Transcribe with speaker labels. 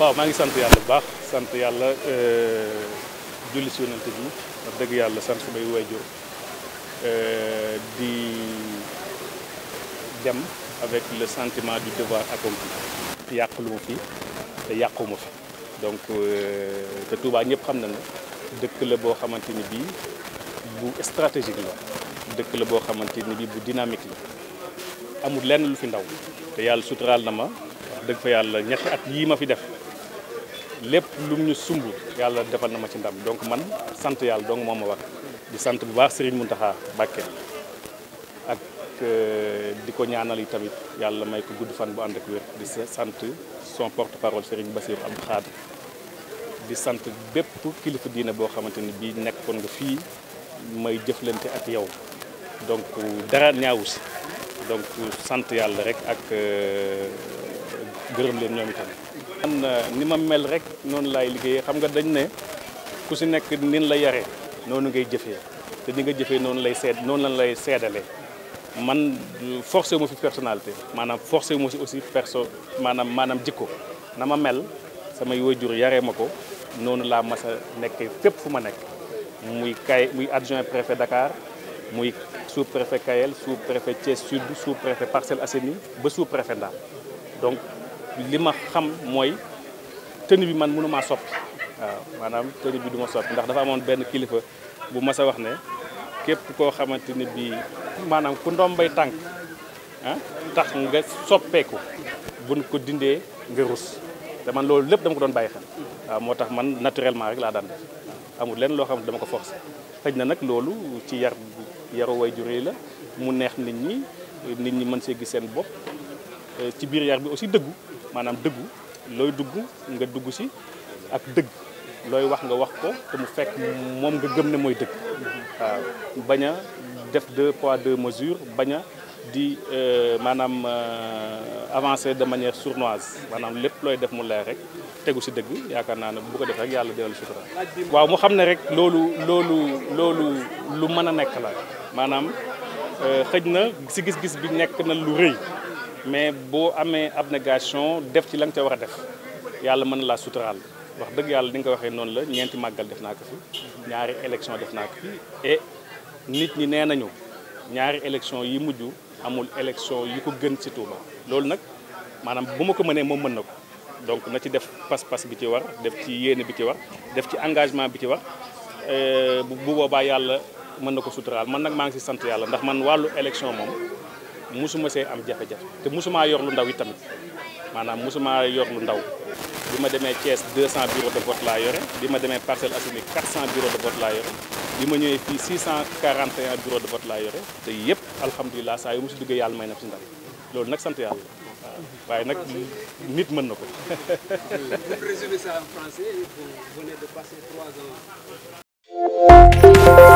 Speaker 1: waaw maa ngi sant yàlla bu baax sant yàlla euh, julli si yonent bi wax dëgg yàlla sant samay waajur euh, di dem avec le santiment du devoir accompli yàqulu ma fi te yàquma fi donc euh, te Touba ñëpp xam na ne dëkk la boo xamante ni bii bu stratégique la dëkk la boo xamante ni bii bu dynamique la amul lenn lu fi ndaw te yàlla suturaal na ma wax dëgg fa yàlla ñetti at yii ma fi def lépp lu ñu sumb yàlla defal na ma ci ndam donc man sant yàlla donc moo ma war di sant bu baax Serigne Mountakha Mbacké ak euh, di ko ñaanal yi tamit yàlla may ko gudd fan bu ànd ak wér di sant son porte parole Serigne Bassirou Abdou Khadre di sant bépp kilifa diine boo xamante ni bii nekkoon nga fii may jëflante ak yow donc dara ñaawu si donc sant yàlla rek ak euh, gërëm leen ñoom itam. man euh, ni ma mel rek noonu laay liggéeyee xam nga dañ ne ku si nekk nin la yare noonu ngay jëfee te ni nga jëfee noonu lay seed noonu lañ lay seedalee man forcé mo fi personnalité maanaam forcé mo si aussi perso maanaam maanaam jikko na ma mel samay waajur yaree ma ko noonu laa mas a nekk fépp fu ma nekk muy kay muy adjoint préfet Dakar muy sous-préfet Kayel sous-préfet Thiès Sud sous-préfet Parcelles Assainies ba sous-préfet Ndar donc li ma xam mooy tenue bi man mënumaa soppi waaw maanaam tenue bi duma ma ndax dafa amoon benn kilifa bu mas a wax ne képp koo xamante ni bii maanaam ku ndombay tànk ah tax nga soppeeku buñ ko dindee nga rus te man loolu lépp dama ko doon bàyyi xel waaw moo tax man naturellement rek laa daan def lenn loo xam ne dama ko forcé xëj na nag loolu ci yar yaru waajur yi la mu neex nit ñi nit ñi mën see gis seen bopp euh, ci biir yar bi aussi dëggu maanaam dëggu looy dugg nga dugg si ak dëgg looy wax nga wax ko te mu fekk moom nga gëm ne mooy dëgg waaw bañ a def deux poids deux mesures bañ a di euh, maanaam euh, avancer de manière sournoise maanaam lépp looy def mu leer rek tegu si dëgg yaakaar naa ne bu ko def rek yàlla delloo sutura waaw mu xam ne rek loolu loolu loolu lu mën a nekk la maanaam euh, xëj na si gis-gis bi nekk na lu rëy mais boo amee abnégation def ci la nga ca war a def yàlla mën na laa suturaal wax dëgg yàlla ni nga ko waxee noonu la ñeenti màggal def naa ko fi ñaari élection def naa ko fi et nit ñi nee nañu ñaari élection yi mujj amul élection yu ko gën ci Touba loolu nag maanaam bu ma ko mënee moom mën na ko donc na ci def pas-pas bi ci war def ci yéene bi ci war def ci engagement bi ci war euh, bu boobaa yàlla mën na ko suturaal man nag maa ngi ci sant yàlla ndax man wàllu élection moom musuma see am jafe-jafe te musumaa yor lu ndaw yi tamit maanaam mosuma yor lu ndaw bi ma demee Thiès 200 bureaux de vote laa yore bi ma demee Parcelles Assainies 400 bureaux de vote laa yore bi ma ñëwee fii 641 bureaux de vote laa yore te yëpp alhamdulilah saa yu mu si duggee yàlla may na ci ndam loolu nag sant yàlla waaye nag nit mën na ko. Pour